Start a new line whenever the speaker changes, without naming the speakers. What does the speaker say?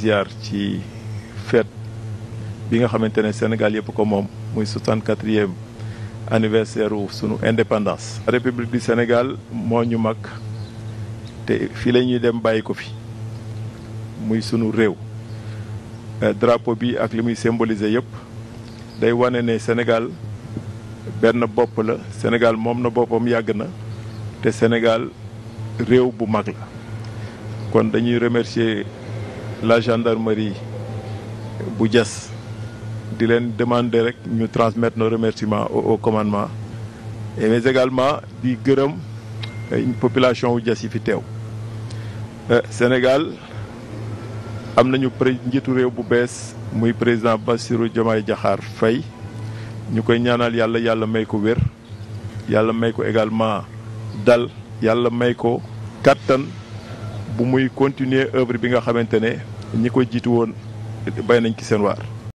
ziar ci fête bi nga xamante ne Sénégal yëpp ko moom muy 64e anniversaire wu sunu indépendance. république du Sénégal moo ñu mag te fii la ñuy dem bàyyi ko fi muy sunu réew euh, drapeau bi ak li muy symboliser yëpp day wane ne Sénégal benn bopp la Sénégal moom na boppam yàgg na te Sénégal réew bu mag la kon dañuy remercier. la gendarmerie bu Diass di leen demander rek ñu transmettre no remerciements au commandement et également di gërëm population wu Diass yi fi teew euh, Sénégal am nañu pré njiitu réew bu bees muy président Bassirou Diomaye Diakhar Faye ñu koy ñaanal yàlla yàlla may ko wér yàlla may ko également dal yàlla may ko kattan bu continuer œuvre bi nga xamante ne ñi ko jiitu woon bay nañ ci seen waar.